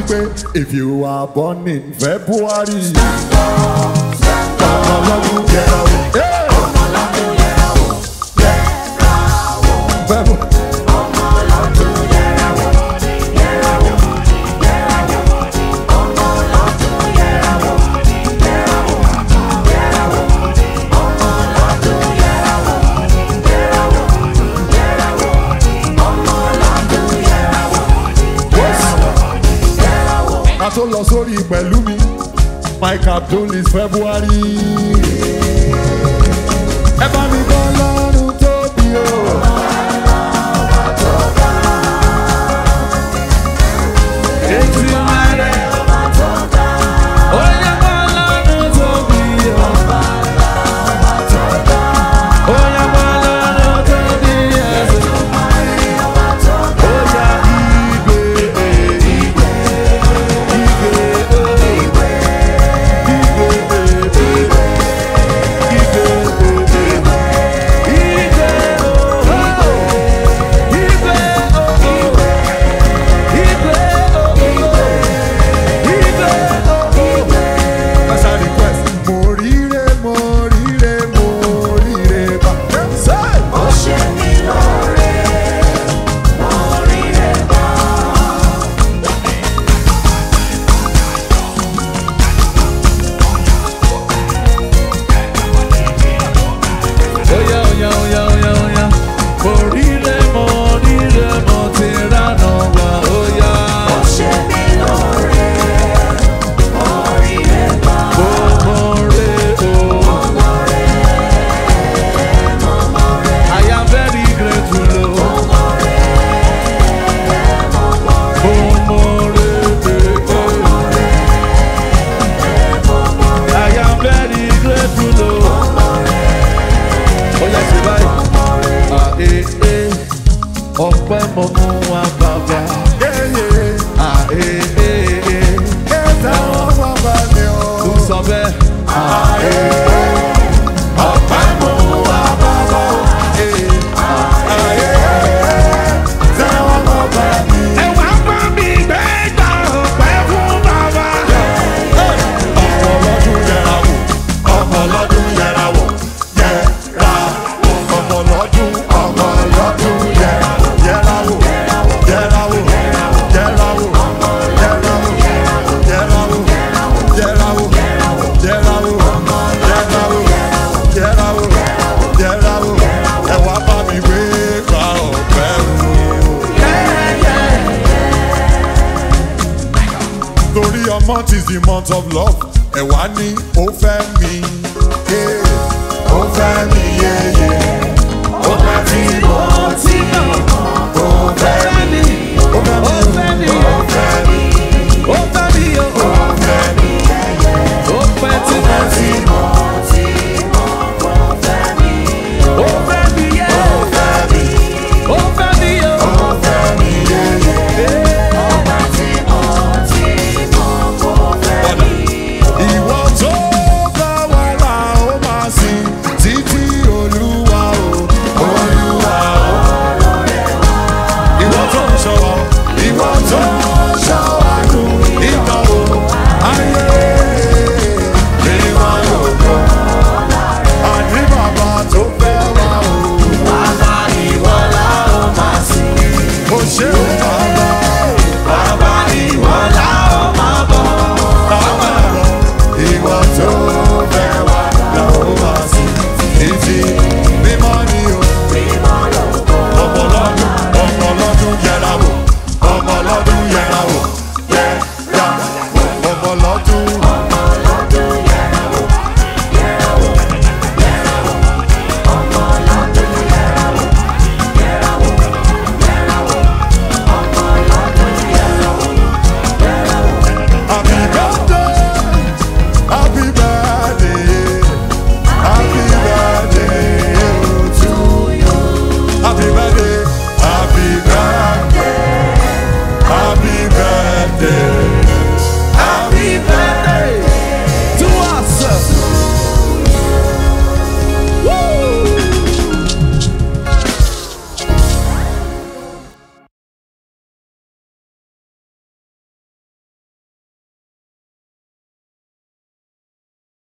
pé if you are born in February. stand up stand up tó lọ sórí pẹ̀lú mi my captain is February. ẹ àhèhè ọpẹ́ mo mú wa bàbá àhèhè ẹ̀ta wọn bàbá ni ó. tó sọ bẹ́ẹ̀ àhèhè. torí a month is the month of love ẹ̀wá ní ó fẹ́ mi. ó fẹ́ mi yéye.